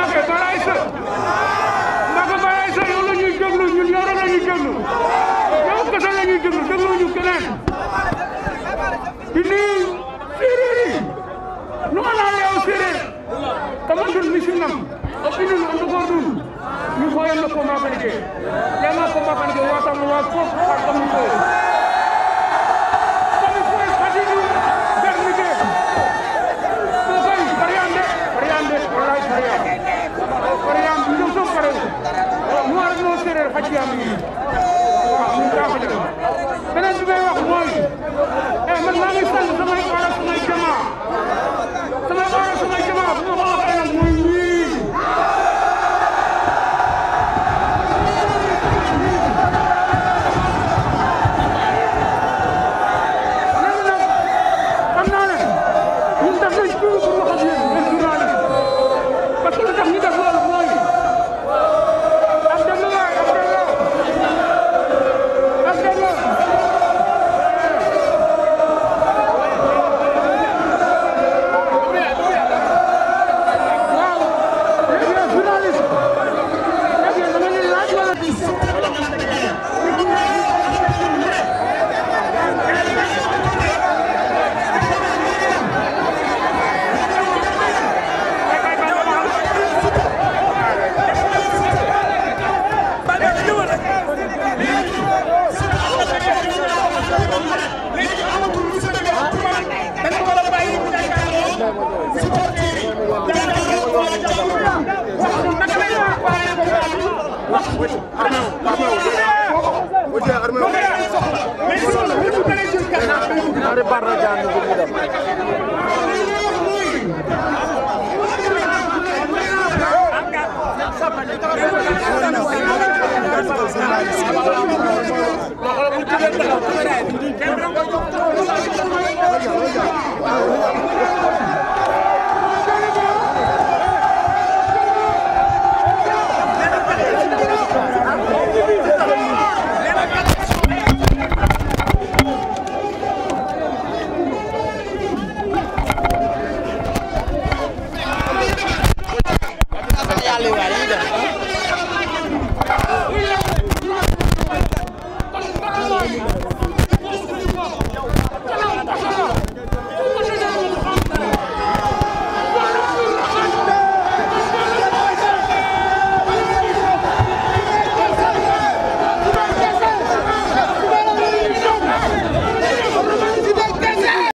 Mbacke dara ay sa Mbacke Baye ay sa yow la ñuy déglu ñun yow rek la ñuy déglu yow kese la ñuy déglu déglu ñu keneen am supporters yi jàkkaarloo ko waa Thiam wax naka lay waxee bu baax wax wax wax wax wax